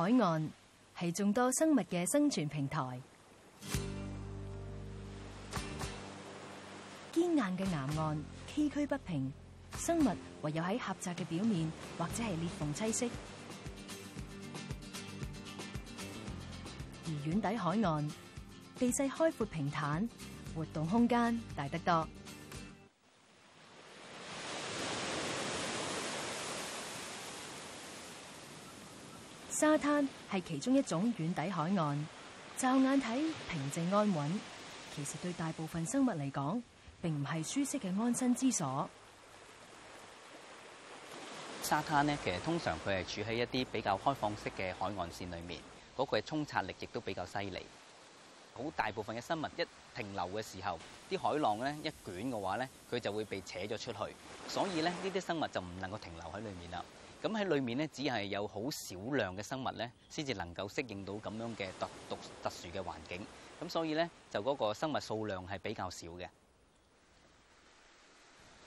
海岸係眾多生物嘅生存平台。堅硬嘅岩岸崎嶇不平，生物唯有喺狹窄嘅表面或者係裂縫棲息；而軟底海岸地勢開闊平坦，活動空間大得多。沙灘係其中一種軟底海岸，驟眼睇，平靜安穩，其實對大部分生物嚟講，並唔係舒適嘅安身之所。沙灘呢，其實通常佢係處喺一啲比較開放式嘅海岸線裏面，嗰個沖刷力亦都比較犀利。好大部分嘅生物一停留嘅時候，啲海浪呢一捲嘅話呢，佢就會被扯咗出去，所以呢呢啲生物就唔能夠停留喺裏面啦。咁喺裏面咧，只係有好少量嘅生物咧，先至能夠適應到咁樣嘅特獨特殊嘅環境。咁所以咧，就嗰個生物數量係比較少嘅。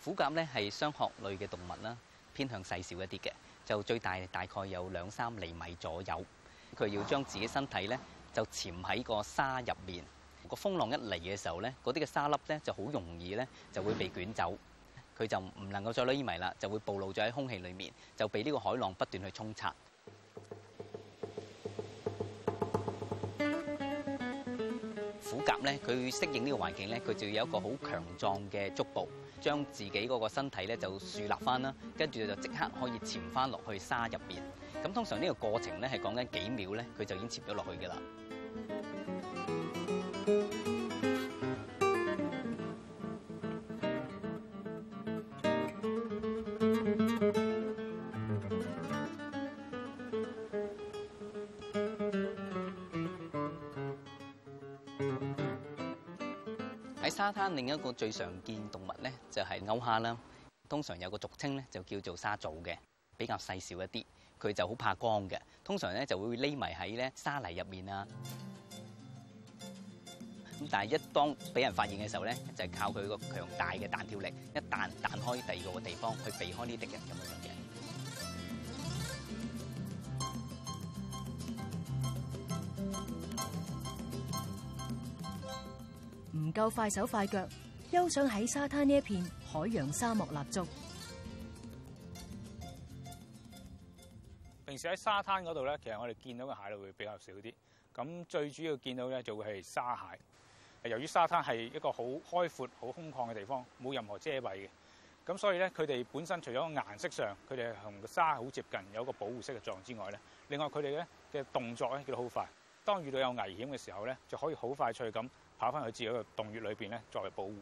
斧蛤咧係雙殼類嘅動物啦，偏向細小一啲嘅，就最大大概有兩三釐米左右。佢要將自己身體咧就潛喺個沙入面。個風浪一嚟嘅時候咧，嗰啲嘅沙粒咧就好容易咧就會被捲走。佢就唔能夠再攞煙迷啦，就會暴露咗喺空氣裡面，就被呢個海浪不斷去沖刷。 虎甲咧，佢適應呢個環境咧，佢就要有一個好強壯嘅足部，將自己嗰個身體咧就豎立翻啦，跟住就即刻可以潛翻落去沙入邊。咁通常呢個過程咧係講緊幾秒咧，佢就已經潛咗落去㗎啦。 灘另一個最常見動物咧就係勾蝦啦，通常有個俗稱咧就叫做沙蚤嘅，比較細小一啲，佢就好怕光嘅，通常咧就會匿埋喺咧沙泥入面啦。咁但係一當俾人發現嘅時候咧，就係靠佢個強大嘅彈跳力，一彈彈開第二個地方去避開呢啲敵人咁樣嘅。夠快手快腳，休想喺沙灘呢一片海洋沙漠立足。平時喺沙灘嗰度咧，其實我哋見到嘅蟹類會比較少啲。咁最主要見到咧，就會係沙蟹。由於沙灘係一個好開闊、好空曠嘅地方，冇任何遮蔽嘅，咁所以咧，佢哋本身除咗顏色上，佢哋同個沙好接近，有一個保護色嘅狀之外咧，另外佢哋咧嘅動作咧叫得好快。當遇到有危險嘅時候咧，就可以好快脆咁。跑翻去自己嘅洞穴裏邊咧，作為保護。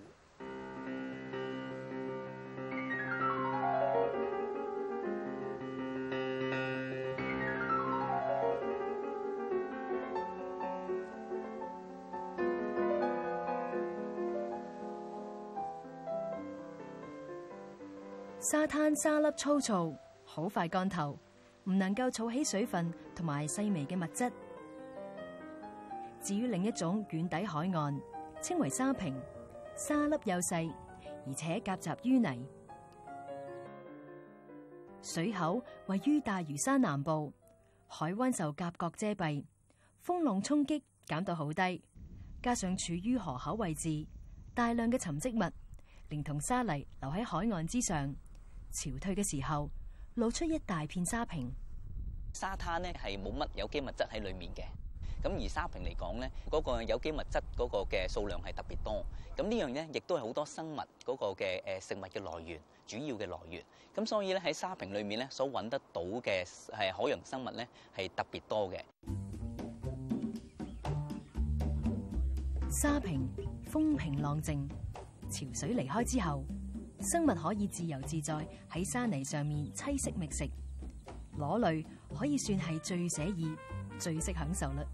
沙灘沙粒粗糙，好快乾透，唔能夠儲起水分同埋細微嘅物質。至於另一種軟底海岸，稱為沙坪，沙粒又細，而且夾雜淤泥。水口位於大嶼山南部，海灣受岬角遮蔽，風浪衝擊減到好低，加上處於河口位置，大量嘅沉積物，連同沙泥留喺海岸之上，潮退嘅時候，露出一大片沙坪。沙灘呢係冇乜有機物質喺裏面嘅。咁而沙坪嚟講咧，嗰個有機物質嗰個嘅數量係特別多。咁呢樣咧，亦都係好多生物嗰個嘅誒食物嘅來源，主要嘅來源。咁所以咧，喺沙坪裡面咧，所揾得到嘅係海洋生物咧，係特別多嘅。沙坪風平浪靜，潮水離開之後，生物可以自由自在喺沙泥上面棲息覓食。裸類可以算係最寫意、最識享受嘞。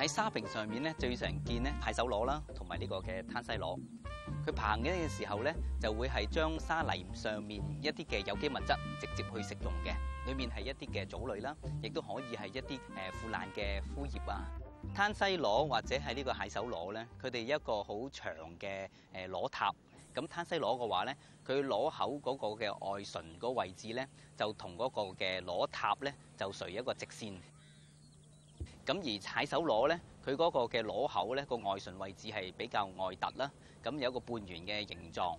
喺沙坪上面咧，最常見咧，蟹手螺啦，同埋呢個嘅攤西螺。佢爬緊嘅時候咧，就會係將沙泥上面一啲嘅有機物質直接去食用嘅。裡面係一啲嘅藻類啦，亦都可以係一啲誒腐爛嘅枯葉啊。攤西螺或者係呢個蟹手螺咧，佢哋一個好長嘅誒螺塔。咁攤西螺嘅話咧，佢螺口嗰個嘅外唇嗰位置咧，就同嗰個嘅螺塔咧，就垂一個直線。咁而踩手螺咧，佢嗰個嘅螺口咧，個外唇位置係比較外凸啦。咁有一個半圓嘅形狀。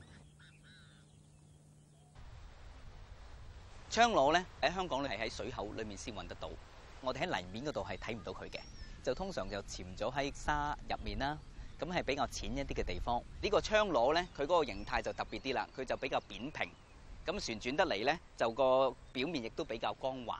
槍螺咧，喺香港咧係喺水口裏面先揾得到，我哋喺泥面嗰度係睇唔到佢嘅，就通常就潛咗喺沙入面啦。咁係比較淺一啲嘅地方。這個、窗呢個槍螺咧，佢嗰個形態就特別啲啦，佢就比較扁平。咁旋轉得嚟咧，就個表面亦都比較光滑。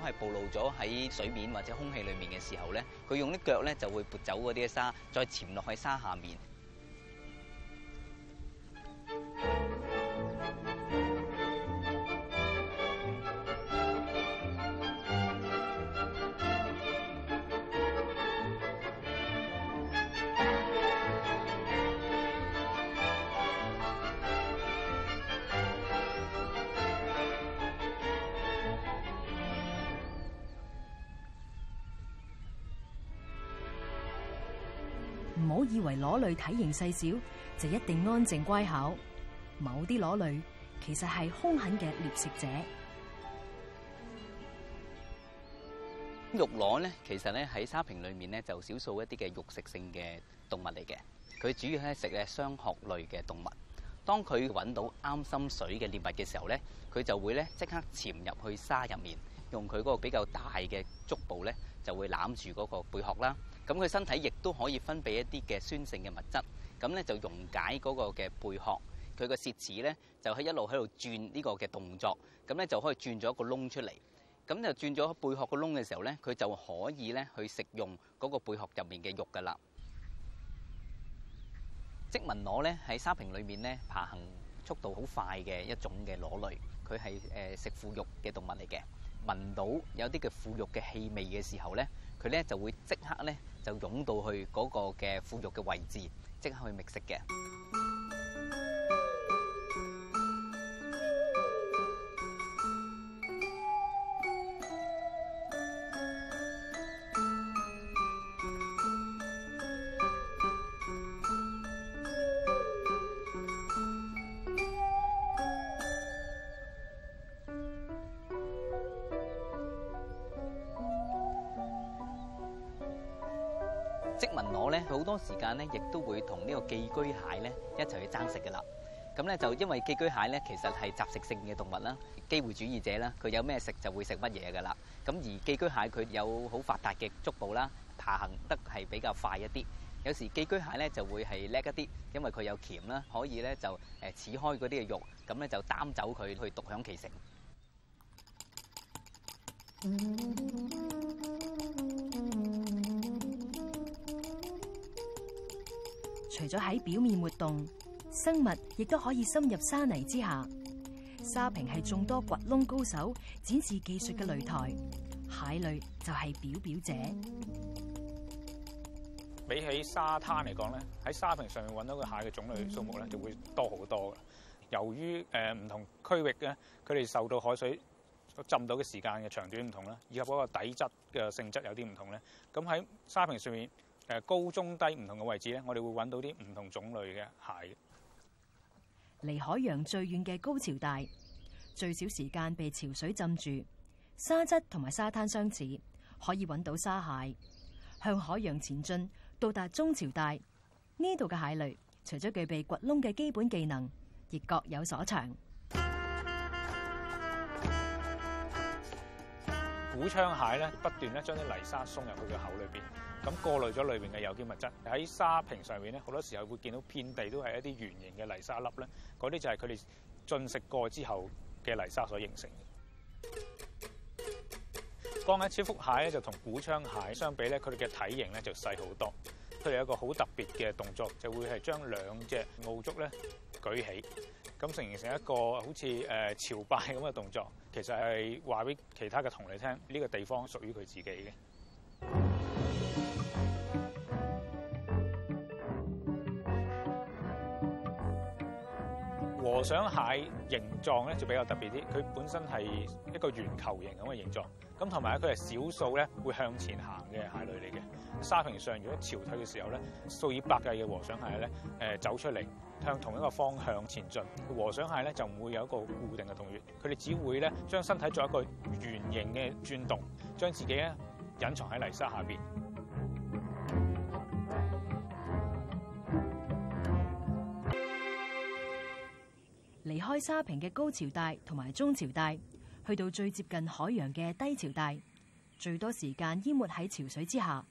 都係暴露咗喺水面或者空氣裏面嘅時候咧，佢用啲腳咧就會撥走嗰啲沙，再潛落去沙下面。係螺類體型細小，就一定安靜乖巧。某啲螺類其實係凶狠嘅獵食者。肉螺咧，其實咧喺沙坪裡面咧就有少數一啲嘅肉食性嘅動物嚟嘅。佢主要係食嘅雙殼類嘅動物。當佢搵到啱心水嘅獵物嘅時候咧，佢就會咧即刻潛入去沙入面。用佢嗰個比較大嘅足部咧，就會攬住嗰個貝殼啦。咁佢身體亦都可以分泌一啲嘅酸性嘅物質，咁咧就溶解嗰個嘅貝殼。佢嘅蝕齒咧就喺一路喺度轉呢個嘅動作，咁咧就可以轉咗一個窿出嚟。咁就轉咗貝殼個窿嘅時候咧，佢就可以咧去食用嗰個貝殼入面嘅肉㗎啦。織紋螺咧喺沙坪裡面咧爬行速度好快嘅一種嘅螺類，佢係誒食腐肉嘅動物嚟嘅。聞到有啲嘅腐肉嘅氣味嘅時候咧，佢咧就會即刻咧就湧到去嗰個嘅腐肉嘅位置，即刻去覓食嘅。時間咧，亦都會同呢個寄居蟹咧一齊去爭食嘅啦。咁咧就因為寄居蟹咧，其實係雜食性嘅動物啦，機會主義者啦，佢有咩食就會食乜嘢嘅啦。咁而寄居蟹佢有好發達嘅足部啦，爬行得係比較快一啲。有時寄居蟹咧就會係叻一啲，因為佢有鉗啦，可以咧就誒刺開嗰啲嘅肉，咁咧就擔走佢去獨享其成。嗯。除咗喺表面活動，生物亦都可以深入沙泥之下。沙坪係眾多掘窿高手展示技術嘅擂台，蟹類就係表表者。比起沙灘嚟講咧，喺沙坪上面揾到嘅蟹嘅種類數目咧就會多好多。由於誒唔同區域咧，佢哋受到海水浸到嘅時間嘅長短唔同啦，以及嗰個底質嘅性質有啲唔同咧，咁喺沙坪上面。誒高、中、低唔同嘅位置咧，我哋會揾到啲唔同種類嘅蟹。離海洋最遠嘅高潮帶，最少時間被潮水浸住，沙質同埋沙灘相似，可以揾到沙蟹。向海洋前進，到達中潮帶，呢度嘅蟹類，除咗具備掘窿嘅基本技能，亦各有所長。古窗蟹咧不斷咧將啲泥沙送入佢嘅口裏邊，咁過濾咗裏邊嘅有機物質。喺沙坪上面咧，好多時候會見到遍地都係一啲圓形嘅泥沙粒咧，嗰啲就係佢哋進食過之後嘅泥沙所形成嘅。鋼眼超腹蟹咧就同古窗蟹相比咧，佢哋嘅體型咧就細好多。佢哋有一個好特別嘅動作，就會係將兩隻螯足咧舉起。咁成形成一個好似誒朝拜咁嘅動作，其實係話俾其他嘅同類聽，呢個地方屬於佢自己嘅。和尚蟹形狀咧，就比較特別啲。佢本身係一個圓球形咁嘅形狀，咁同埋咧，佢係少數咧會向前行嘅蟹類嚟嘅。沙坪上，如果潮退嘅時候咧，數以百計嘅和尚蟹咧，誒走出嚟向同一個方向前進。和尚蟹咧就唔會有一個固定嘅洞穴，佢哋只會咧將身體作一個圓形嘅轉動，將自己咧隱藏喺泥沙下面。離開沙坪嘅高潮帶同埋中潮帶，去到最接近海洋嘅低潮帶，最多時間淹沒喺潮水之下。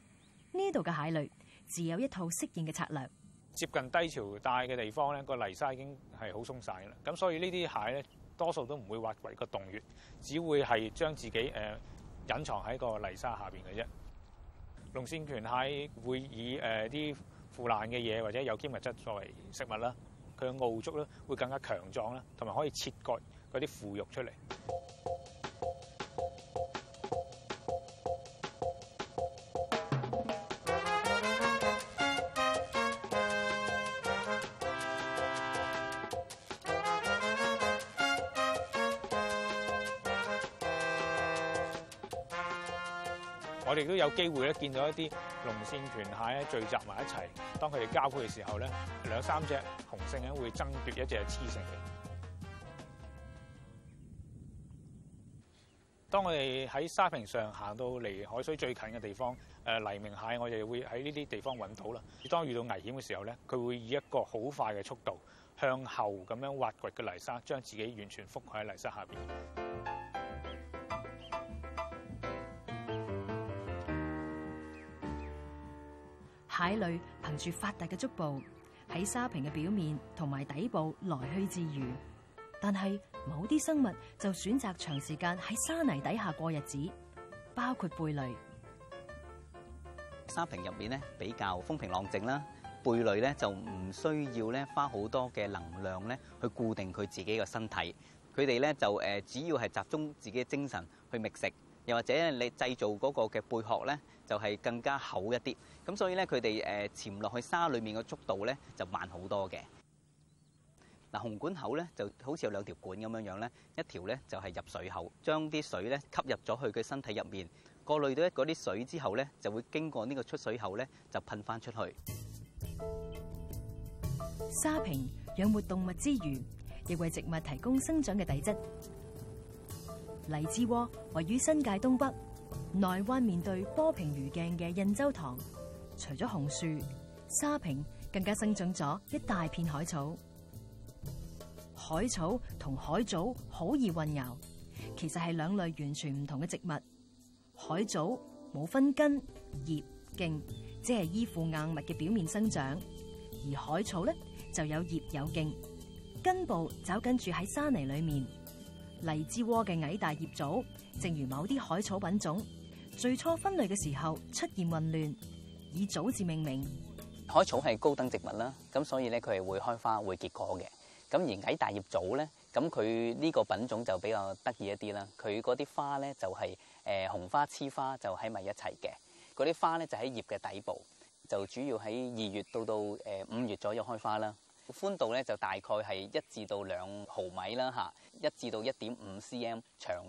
呢度嘅蟹類自有一套適應嘅策略。接近低潮帶嘅地方咧，個泥沙已經係好鬆晒啦，咁所以這些呢啲蟹咧，多數都唔會挖掘個洞穴，只會係將自己誒、呃、隱藏喺個泥沙下邊嘅啫。龍線拳蟹會以誒啲、呃、腐爛嘅嘢或者有機物質作為食物啦，佢嘅螯足咧會更加強壯啦，同埋可以切割嗰啲腐肉出嚟。都有機會咧見到一啲龍線拳蟹咧聚集埋一齊，當佢哋交配嘅時候咧，兩三隻雄性咧會爭奪一隻雌性嘅。當我哋喺沙坪上行到離海水最近嘅地方，誒黎明蟹我哋會喺呢啲地方揾到啦。當遇到危險嘅時候咧，佢會以一個好快嘅速度向後咁樣挖掘嘅泥沙，將自己完全覆蓋喺泥沙下邊。蟹類憑住發達嘅足部，喺沙坪嘅表面同埋底部來去自如。但係某啲生物就選擇長時間喺沙泥底下過日子，包括貝類。沙坪入面咧比較風平浪靜啦，貝類咧就唔需要咧花好多嘅能量咧去固定佢自己嘅身體，佢哋咧就誒只要係集中自己嘅精神去覓食，又或者你製造嗰個嘅貝殼咧。就係更加厚一啲，咁所以咧佢哋誒潛落去沙裡面嘅速度咧就慢好多嘅。嗱，紅管口咧就好似有兩條管咁樣樣咧，一條咧就係入水口，將啲水咧吸入咗去佢身體入面，過濾到嗰啲水之後咧，就會經過呢個出水口咧就噴返出去。沙坪養活動物之餘，亦為植物提供生長嘅底質。荔枝窩位於新界東北。內灣面對波平如鏡嘅印洲塘，除咗紅樹沙坪，更加生長咗一大片海草。海草同海藻好易混淆，其實係兩類完全唔同嘅植物。海藻冇分根葉莖，只係依附硬物嘅表面生長；而海草呢就有葉有莖，根部走緊住喺沙泥裏面。荔枝窩嘅矮大葉藻，正如某啲海草品種，最初分類嘅時候出現混亂，以藻字命名。海草係高等植物啦，咁所以咧佢係會開花會結果嘅。咁而矮大葉藻咧，咁佢呢個品種就比較得意一啲啦。佢嗰啲花咧就係誒雄花雌花就喺埋一齊嘅。嗰啲花咧就喺葉嘅底部，就主要喺二月到到誒五月左右開花啦。寬度咧就大概係一至到兩毫米啦，吓一至到一點五 cm 長。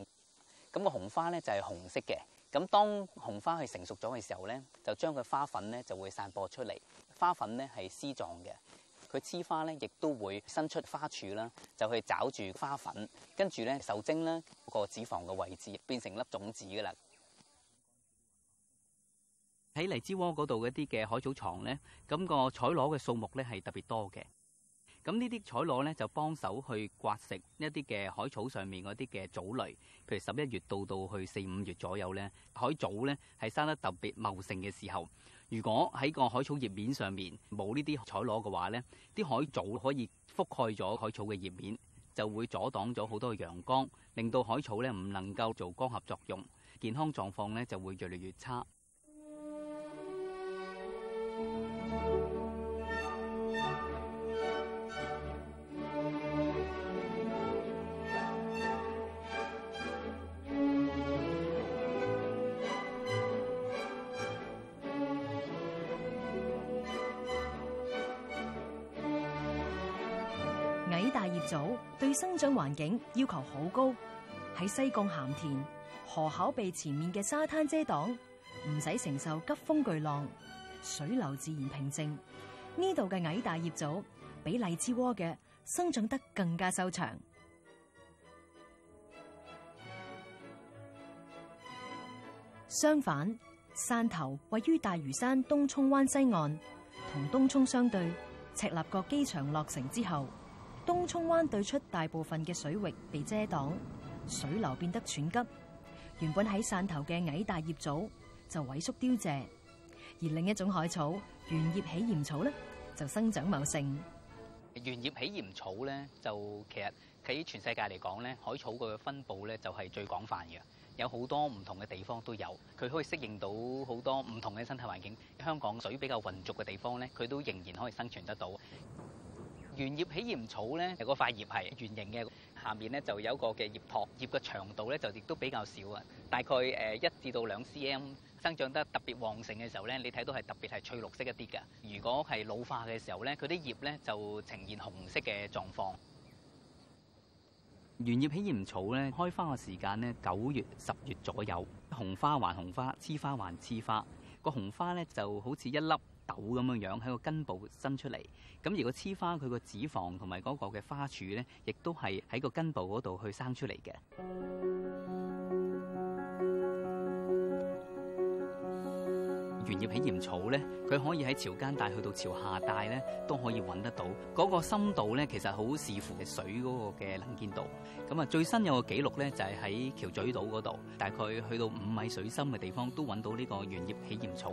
咁個紅花咧就係紅色嘅。咁當紅花係成熟咗嘅時候咧，就將佢花粉咧就會散播出嚟。花粉咧係絲狀嘅，佢雌花咧亦都會伸出花柱啦，就去找住花粉，跟住咧受精啦個子房嘅位置變成粒種子噶啦。喺荔枝窩嗰度嗰啲嘅海藻床咧，咁、那個彩螺嘅數目咧係特別多嘅。咁呢啲彩螺咧就幫手去刮食一啲嘅海草上面嗰啲嘅藻類，譬如十一月到到去四五月左右咧，海藻咧係生得特別茂盛嘅時候，如果喺個海草葉面上面冇呢啲彩螺嘅話咧，啲海藻可以覆蓋咗海草嘅葉面，就會阻擋咗好多陽光，令到海草咧唔能夠做光合作用，健康狀況咧就會越嚟越差。矮大葉藻對生長環境要求好高，喺西貢咸田河口被前面嘅沙灘遮擋，唔使承受急風巨浪，水流自然平靜。呢度嘅矮大葉藻比荔枝窩嘅生長得更加修長。相反，汕頭位於大嶼山東涌灣西岸，同東涌相對。赤鱲角機場落成之後。東涌灣對出大部分嘅水域被遮擋，水流變得湍急。原本喺汕頭嘅矮大葉藻就萎縮凋謝，而另一種海草原葉喜鹽草咧就生長茂盛。原葉喜鹽草咧，就其實喺全世界嚟講咧，海草嘅分布咧就係最廣泛嘅，有好多唔同嘅地方都有。佢可以適應到好多唔同嘅生態環境。香港水比較渾濁嘅地方咧，佢都仍然可以生存得到。圓葉喜鹽草咧，個塊葉係圓形嘅，下面咧就有個嘅葉托，葉嘅長度咧就亦都比較少啊，大概誒一至到兩 CM。生長得特別旺盛嘅時候咧，你睇到係特別係翠綠色一啲嘅。如果係老化嘅時候咧，佢啲葉咧就呈現紅色嘅狀況。圓葉喜鹽草咧，開花嘅時間咧九月、十月左右，雄花還雄花，雌花還雌花。個雄花咧就好似一粒。豆咁嘅樣喺個根部伸出嚟。咁如果黐花佢個子房同埋嗰個嘅花柱咧，亦都係喺個根部嗰度去生出嚟嘅。原葉喜鹽草咧，佢可以喺潮間帶去到潮下帶咧，都可以揾得到。嗰個深度咧，其實好視乎水嗰個嘅能見度。咁啊，最新有個紀錄咧，就係喺橋咀島嗰度，大概去到五米水深嘅地方都揾到呢個原葉喜鹽草。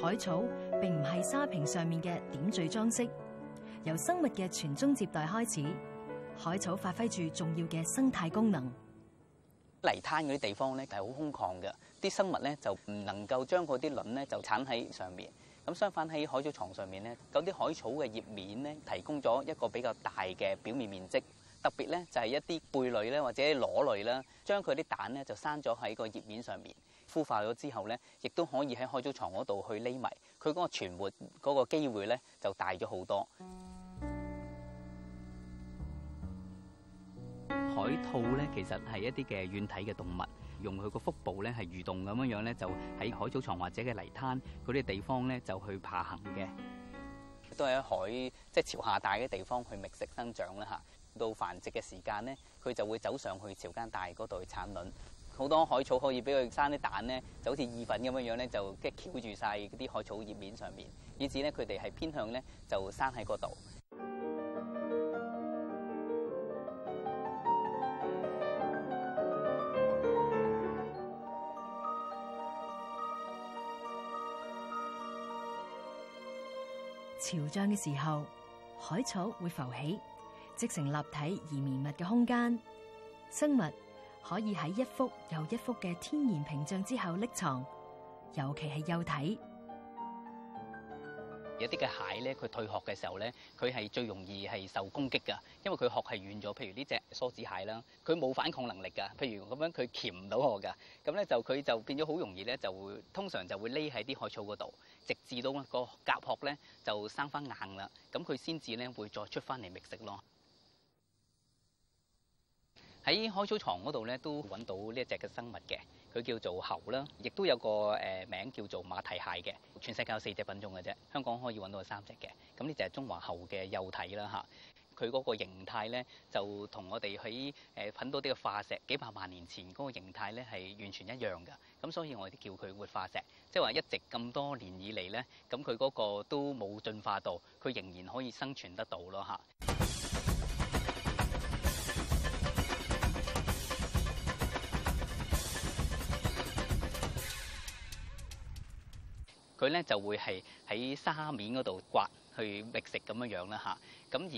海草並唔係沙坪上面嘅點綴裝飾，由生物嘅傳宗接代開始，海草發揮住重要嘅生態功能。泥灘嗰啲地方咧係好空曠嘅，啲生物咧就唔能夠將嗰啲卵咧就產喺上面。咁相反喺海草床上面咧，嗰啲海草嘅葉面咧提供咗一個比較大嘅表面面積。特別咧就係一啲貝類咧或者螺類啦，將佢啲蛋咧就生咗喺個葉面上面。孵化咗之後咧，亦都可以喺海藻床嗰度去匿埋，佢嗰個存活嗰個機會咧就大咗好多。海兔咧，其實係一啲嘅軟體嘅動物，用佢個腹部咧係蠕動咁樣樣咧，就喺海藻床或者嘅泥灘嗰啲地方咧就去爬行嘅，都喺海即係潮下帶嘅地方去覓食生長啦嚇。到繁殖嘅時間咧，佢就會走上去潮間帶嗰度去產卵。好多海草可以俾佢生啲蛋咧，就好似意粉咁樣樣咧，就即係翹住晒嗰啲海草葉面上面，以至咧佢哋係偏向咧就生喺嗰度。潮漲嘅時候，海草會浮起，織成立體而綿密嘅空間，生物。可以喺一幅又一幅嘅天然屏障之後匿藏，尤其係幼體。有啲嘅蟹咧，佢退殼嘅時候咧，佢係最容易係受攻擊噶，因為佢殼係軟咗。譬如呢隻梭子蟹啦，佢冇反抗能力噶，譬如咁樣佢鉗唔到我噶，咁咧就佢就變咗好容易咧，就會通常就會匿喺啲海草嗰度，直至到個甲殼咧就生翻硬啦，咁佢先至咧會再出翻嚟覓食咯。喺海草床嗰度咧，都揾到呢一隻嘅生物嘅，佢叫做猴啦，亦都有個誒名叫做馬蹄蟹嘅。全世界有四隻品種嘅啫，香港可以揾到三隻嘅。咁呢隻就係中華猴嘅幼體啦，嚇。佢嗰個形態咧，就同我哋喺誒揾到啲嘅化石幾百萬年前嗰個形態咧，係完全一樣㗎。咁所以我哋叫佢活化石，即係話一直咁多年以嚟咧，咁佢嗰個都冇進化到，佢仍然可以生存得到咯嚇。佢咧就會係喺沙面嗰度刮去覓食咁樣樣啦嚇，咁、啊、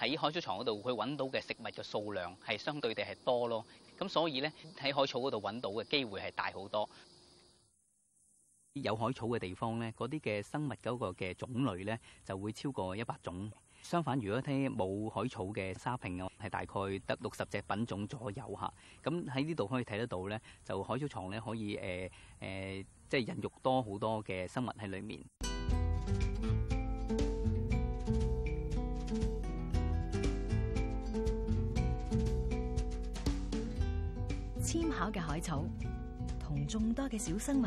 而喺海草床嗰度佢揾到嘅食物嘅數量係相對地係多咯，咁所以咧喺海草嗰度揾到嘅機會係大好多。有海草嘅地方咧，嗰啲嘅生物嗰個嘅種類咧就會超過一百種。相反，如果咧冇海草嘅沙坪嘅，係大概得六十隻品種左右下，咁喺呢度可以睇得到咧，就海草床咧可以、呃呃、即係孕育多好多嘅生物喺裏面。纖巧嘅海草同眾多嘅小生物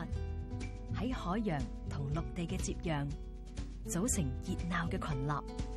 喺海洋同陸地嘅接壤，組成熱鬧嘅群落。